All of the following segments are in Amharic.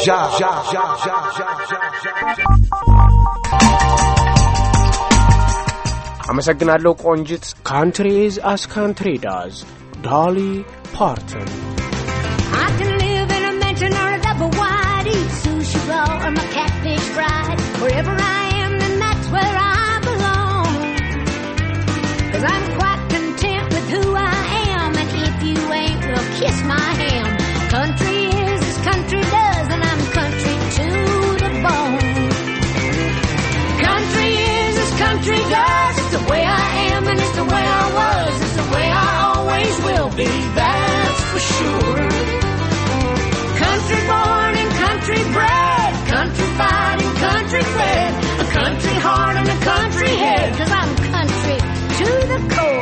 Ja, ja, ja, ja, ja, ja, ja. አመሰግናለሁ ቆንጂት። ካንትሪዝ አስ ካንትሪ ዳዝ ዳሊ ፓርተን I can live in a mansion or a double wide, eat sushi or catfish Wherever I am, that's where I belong. Cause I'm born and country bred, country fied and country fed, a country heart and a country head, cause I'm country to the core.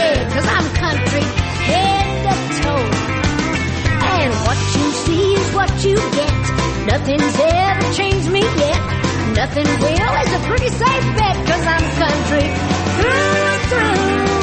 good, cause I'm country head to toe. And what you see is what you get. Nothing's ever changed me yet. Nothing will is a pretty safe bet, cause I'm country through and through.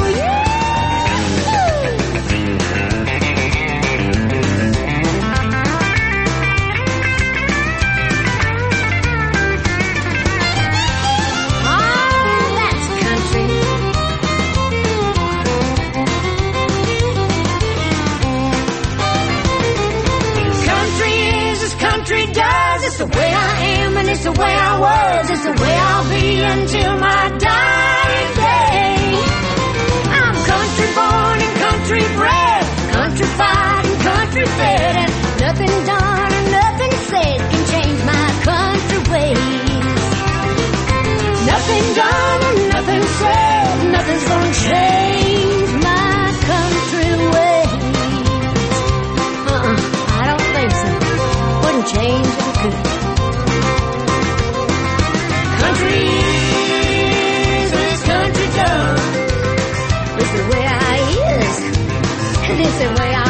这是什么呀？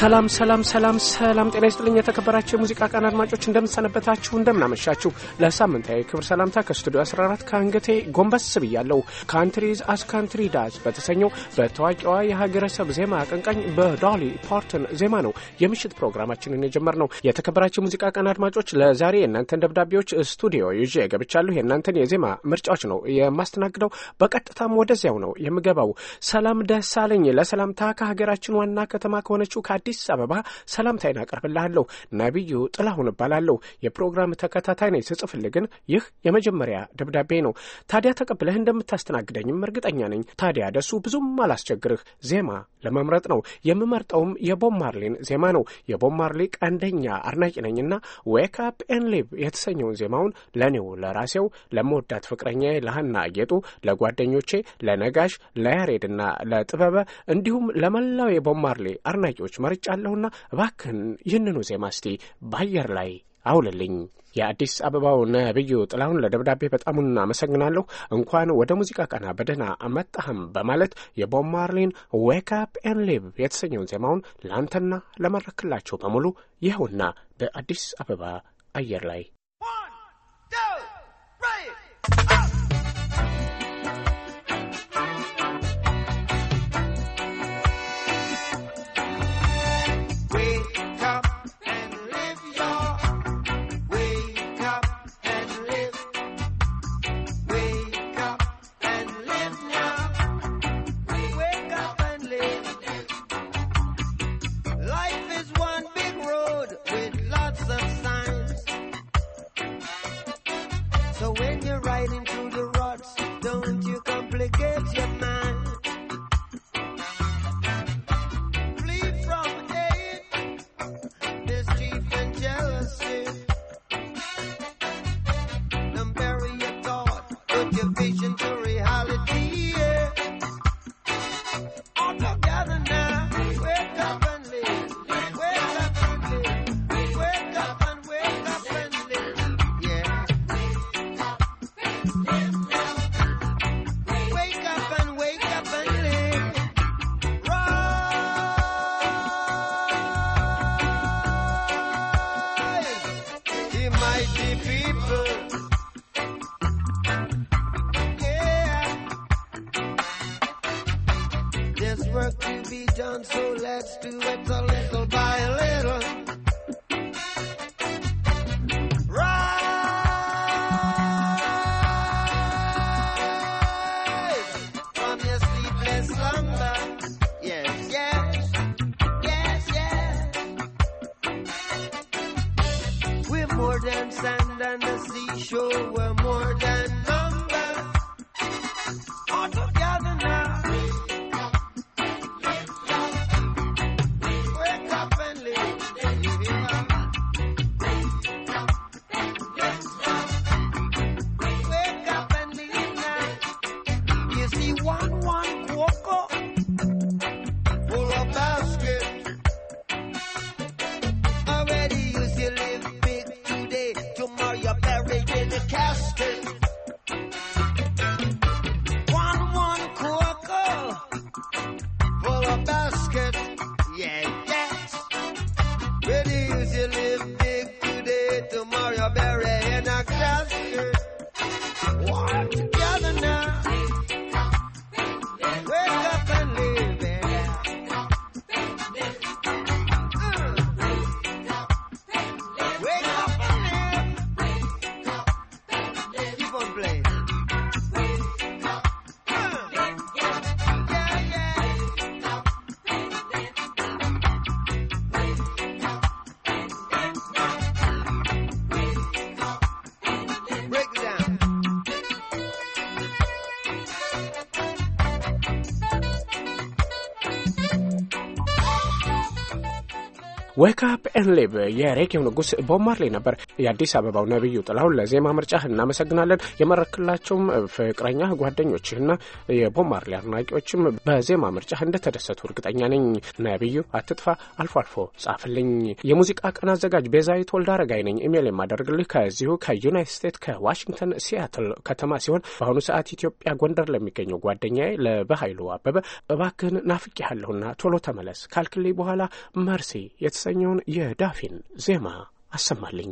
ሰላም ሰላም ሰላም ሰላም፣ ጤና ይስጥልኝ የተከበራቸው የሙዚቃ ቀን አድማጮች፣ እንደምንሰነበታችሁ፣ እንደምናመሻችሁ። ለሳምንታዊ ክብር ሰላምታ ከስቱዲዮ 14 ከአንገቴ ጎንበስ ብያለሁ። ካንትሪዝ አስ ካንትሪ ዳዝ በተሰኘው በታዋቂዋ የሀገረሰብ ዜማ አቀንቃኝ በዶሊ ፓርተን ዜማ ነው የምሽት ፕሮግራማችንን የጀመርነው። የተከበራቸው የሙዚቃ ቀን አድማጮች፣ ለዛሬ የእናንተን ደብዳቤዎች ስቱዲዮ ይዤ ገብቻለሁ። የእናንተን የዜማ ምርጫዎች ነው የማስተናግደው። በቀጥታም ወደዚያው ነው የምገባው። ሰላም ደሳለኝ ለሰላምታ ከሀገራችን ዋና ከተማ ከሆነችው ከአዲስ አዲስ አበባ ሰላምታይን አቀርብልሃለሁ። ነቢዩ ጥላሁን እባላለሁ። የፕሮግራም ተከታታይ ነኝ። ስጽፍልህ ግን ይህ የመጀመሪያ ደብዳቤ ነው። ታዲያ ተቀብለህ እንደምታስተናግደኝም እርግጠኛ ነኝ። ታዲያ ደሱ ብዙም አላስቸግርህ። ዜማ ለመምረጥ ነው። የምመርጠውም የቦብ ማርሊን ዜማ ነው። የቦብ ማርሊ ቀንደኛ አድናቂ ነኝና ዌክ አፕ ኤን ሊቭ የተሰኘውን ዜማውን ለእኔው ለራሴው፣ ለመወዳት ፍቅረኛ፣ ለሀና ጌጡ፣ ለጓደኞቼ፣ ለነጋሽ፣ ለያሬድና ለጥበበ እንዲሁም ለመላው የቦብ ማርሊ አድናቂዎች መርጫለሁና እባክህን ይህንኑ ዜማ እስቲ በአየር ላይ አውልልኝ። የአዲስ አበባው ነብዩ ጥላሁን ለደብዳቤ በጣሙን አመሰግናለሁ። እንኳን ወደ ሙዚቃ ቀና በደህና መጣህም በማለት የቦብ ማርሊን ዌክ አፕ ኤን ሊቭ የተሰኘውን ዜማውን ለአንተና ለመረክላቸው በሙሉ ይኸውና በአዲስ አበባ አየር ላይ So when you're riding through the the rain. ዌክ አፕ ኤን ሊቭ የሬጌው ንጉሥ ቦብ ማርሌ ነበር። የአዲስ አበባው ነብዩ ጥላሁን ለዜማ ምርጫህ እናመሰግናለን። የመረክላቸውም ፍቅረኛ ጓደኞችህና የቦብ አድናቂዎችም በዜማ ምርጫህ እንደተደሰቱ እርግጠኛ ነኝ። ነብዩ አትጥፋ፣ አልፎ አልፎ ጻፍልኝ። የሙዚቃ ቀን አዘጋጅ ቤዛዊት ወልድ አረጋይ ነኝ። ኢሜል የማደርግልህ ከዚሁ ከዩናይት ስቴትስ ከዋሽንግተን ሲያትል ከተማ ሲሆን በአሁኑ ሰዓት ኢትዮጵያ ጎንደር ለሚገኘው ጓደኛዬ ለበሀይሉ አበበ እባክህን ናፍቄሃለሁና ቶሎ ተመለስ ካልክልኝ በኋላ መርሲ የተሰኘውን የዳፊን ዜማ አሰማልኝ።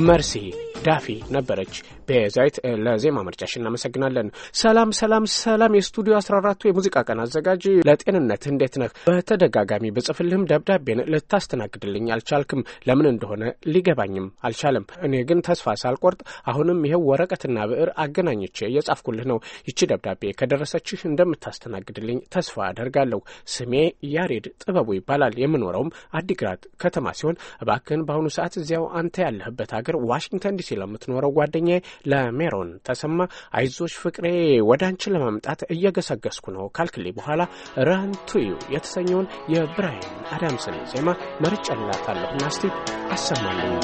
mercy ዳፊ ነበረች። በዛይት ለዜማ ምርጫሽ እናመሰግናለን። ሰላም ሰላም ሰላም። የስቱዲዮ 14ቱ የሙዚቃ ቀን አዘጋጅ ለጤንነት እንዴት ነህ? በተደጋጋሚ ብጽፍልህም ደብዳቤን ልታስተናግድልኝ አልቻልክም። ለምን እንደሆነ ሊገባኝም አልቻለም። እኔ ግን ተስፋ ሳልቆርጥ አሁንም ይኸው ወረቀትና ብዕር አገናኝቼ እየጻፍኩልህ ነው። ይቺ ደብዳቤ ከደረሰችህ እንደምታስተናግድልኝ ተስፋ አደርጋለሁ። ስሜ ያሬድ ጥበቡ ይባላል። የምኖረውም አዲግራት ከተማ ሲሆን እባክህን በአሁኑ ሰዓት እዚያው አንተ ያለህበት ሀገር ዋሽንግተን ዲሲ ለምትኖረው ጓደኛ ለሜሮን ተሰማ አይዞሽ ፍቅሬ ወደ አንቺ ለማምጣት እየገሰገስኩ ነው ካልክሌ በኋላ ረን የተሰኘውን የብራይን አዳምስን ዜማ መርጬላታለሁና ናስቲ አሰማልኝ።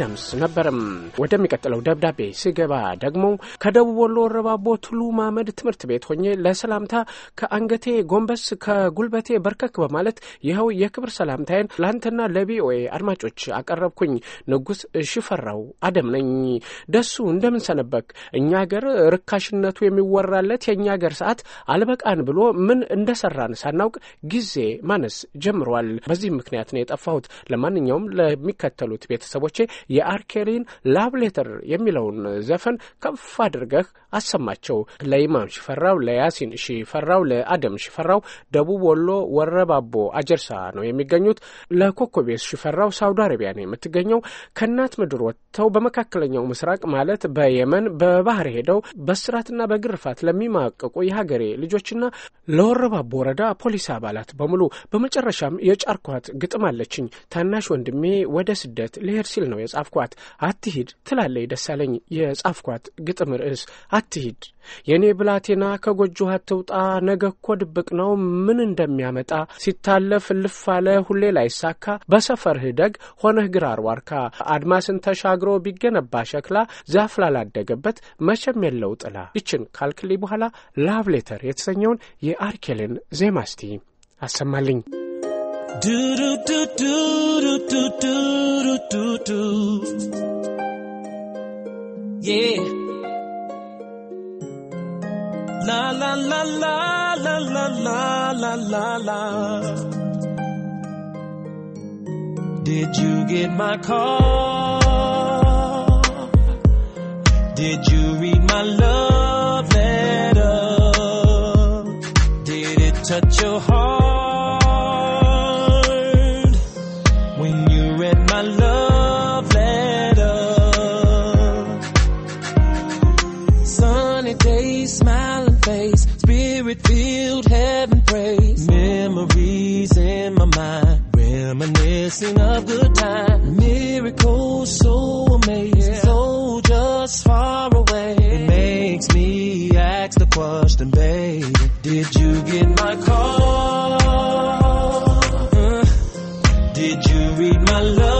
matter. ቅዱስ ነበርም። ወደሚቀጥለው ደብዳቤ ስገባ ደግሞ ከደቡብ ወሎ ወረባቦ ቱሉ ማመድ ትምህርት ቤት ሆኜ ለሰላምታ ከአንገቴ ጎንበስ ከጉልበቴ በርከክ በማለት ይኸው የክብር ሰላምታዬን ለአንተና ለቪኦኤ አድማጮች አቀረብኩኝ። ንጉሥ ሽፈራው አደም ነኝ። ደሱ እንደምን ሰነበክ? እኛ አገር ርካሽነቱ የሚወራለት የእኛ አገር ሰዓት አልበቃን ብሎ ምን እንደሰራን ሳናውቅ ጊዜ ማነስ ጀምሯል። በዚህም ምክንያት ነው የጠፋሁት። ለማንኛውም ለሚከተሉት ቤተሰቦቼ የአርኬሪን ላቭ ሌተር የሚለውን ዘፈን ከፍ አድርገህ አሰማቸው። ለኢማም ሽፈራው፣ ለያሲን ሽፈራው፣ ለአደም ሽፈራው ደቡብ ወሎ ወረባቦ አጀርሳ ነው የሚገኙት። ለኮኮቤስ ሽፈራው ሳውዲ አረቢያ ነው የምትገኘው። ከእናት ምድር ወጥተው በመካከለኛው ምስራቅ ማለት በየመን በባህር ሄደው በስራትና በግርፋት ለሚማቀቁ የሀገሬ ልጆችና ለወረባቦ ወረዳ ፖሊስ አባላት በሙሉ በመጨረሻም የጫርኳት ግጥም አለችኝ። ታናሽ ወንድሜ ወደ ስደት ልሄድ ሲል ነው የጻፍኩ ጻፍኳት አትሂድ ትላለች ደሳለኝ። የጻፍኳት ግጥም ርዕስ አትሂድ የእኔ ብላቴና ከጎጆ አትውጣ፣ ነገ እኮ ድብቅ ነው ምን እንደሚያመጣ ሲታለፍ እልፍ አለ ሁሌ ላይሳካ፣ በሰፈርህ ደግ ሆነህ ግራር ዋርካ፣ አድማስን ተሻግሮ ቢገነባ ሸክላ፣ ዛፍ ላላደገበት መቼም የለው ጥላ። ይችን ካልክሊ በኋላ ላቭ ሌተር የተሰኘውን የአርኬልን ዜማ እስቲ አሰማልኝ። Do do do do do do do do do do. Yeah. La la la la la la la la la la. Did you get my call? Did you? read my love.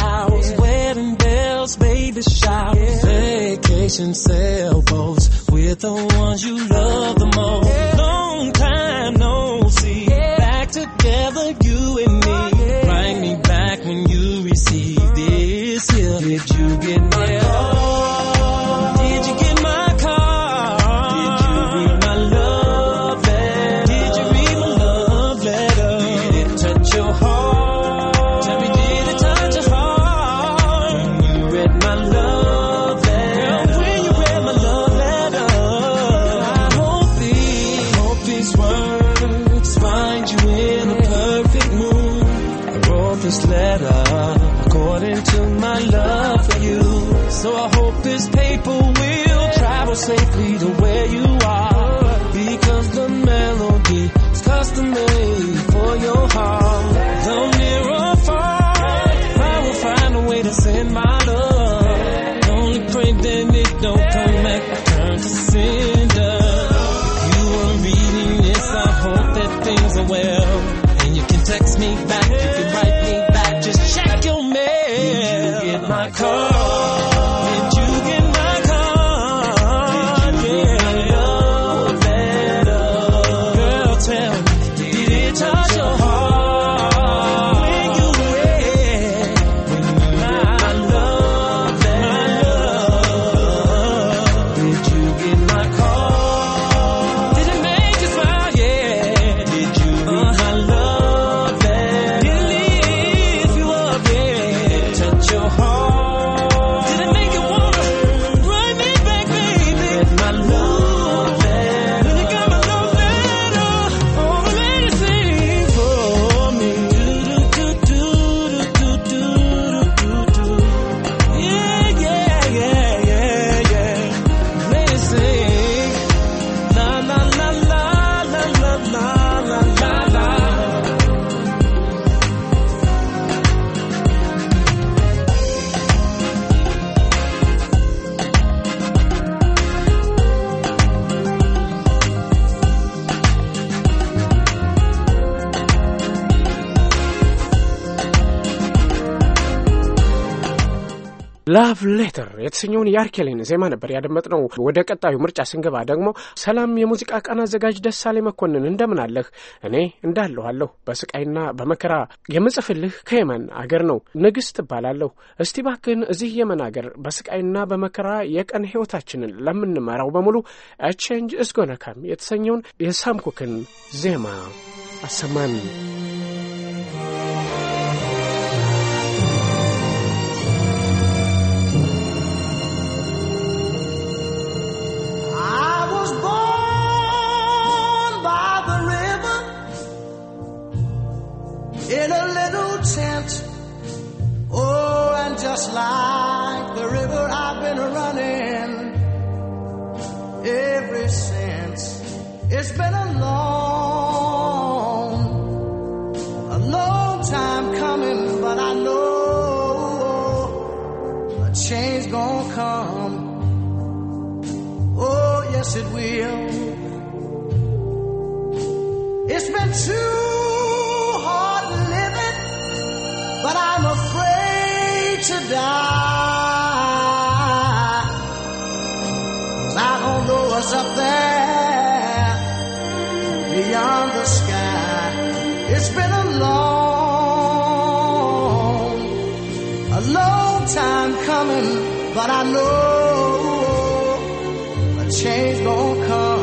hours, yeah. wedding bells, baby showers, yeah. vacation sailboats with the ones you love the most. Yeah. Long time no see, back together you and me. Oh, Bring me back when you receive this here. Did you get ሌተር የተሰኘውን የአርኬሌን ዜማ ነበር ያደመጥነው። ወደ ቀጣዩ ምርጫ ስንገባ ደግሞ ሰላም የሙዚቃ ቀን አዘጋጅ ደሳሌ መኮንን እንደምን አለህ? እኔ እንዳለኋለሁ በስቃይና በመከራ የምጽፍልህ ከየመን አገር ነው። ንግስ እባላለሁ። እስቲ ባክን እዚህ የመን አገር በስቃይና በመከራ የቀን ህይወታችንን ለምንመራው በሙሉ ቼንጅ እስጎነካም የተሰኘውን የሳምኩክን ዜማ አሰማን። since. Oh, and just like the river I've been running ever since. It's been a long, a long time coming, but I know a change gonna come. Oh, yes, it will. It's been too but I'm afraid to die. Cause I don't know what's up there beyond the sky. It's been a long, a long time coming, but I know a change gonna come.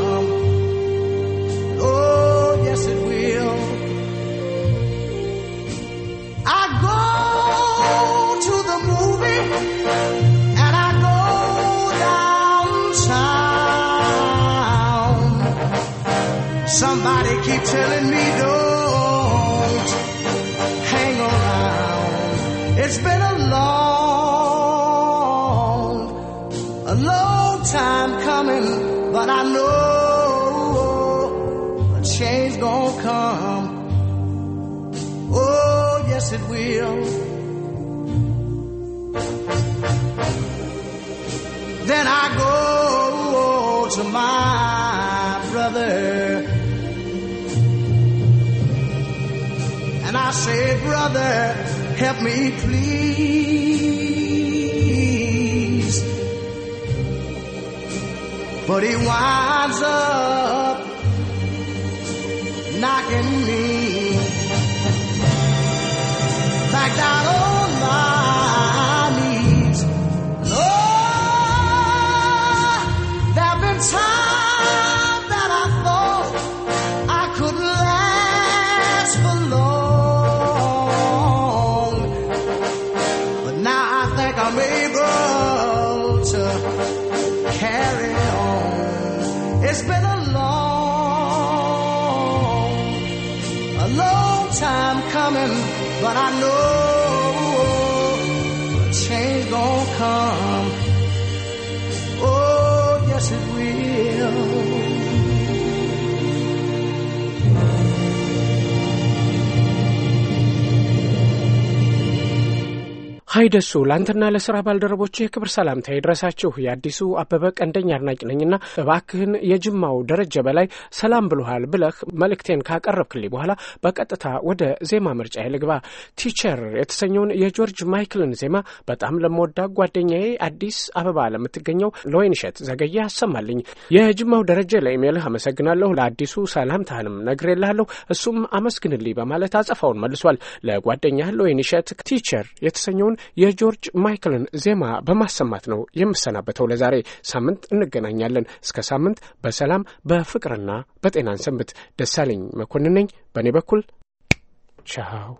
Somebody keep telling me don't hang around. It's been a long, a long time coming, but I know a change gonna come. Oh, yes it will. Then I go to my say, brother, help me please. But he winds up knocking me. won't come. Oh, yes, it will. ሀይደሱ ለአንተና ለስራ ባልደረቦች የክብር ሰላምታ ይድረሳችሁ። የአዲሱ አበበ ቀንደኛ አድናቂ ነኝና እባክህን የጅማው ደረጀ በላይ ሰላም ብሎሃል ብለህ መልእክቴን ካቀረብክልኝ በኋላ በቀጥታ ወደ ዜማ ምርጫ ልግባ። ቲቸር የተሰኘውን የጆርጅ ማይክልን ዜማ በጣም ለመወዳ ጓደኛዬ አዲስ አበባ ለምትገኘው ለወይንሸት ዘገየ አሰማልኝ። የጅማው ደረጀ ለኢሜልህ አመሰግናለሁ። ለአዲሱ ሰላምታህንም ነግሬልሃለሁ፣ እሱም አመስግንልኝ በማለት አጸፋውን መልሷል። ለጓደኛህ ለወይንሸት ቲቸር የተሰኘውን የጆርጅ ማይክልን ዜማ በማሰማት ነው የምሰናበተው። ለዛሬ ሳምንት እንገናኛለን። እስከ ሳምንት በሰላም በፍቅርና በጤናን ሰንብት። ደሳለኝ መኮንን ነኝ። በእኔ በኩል ቻው።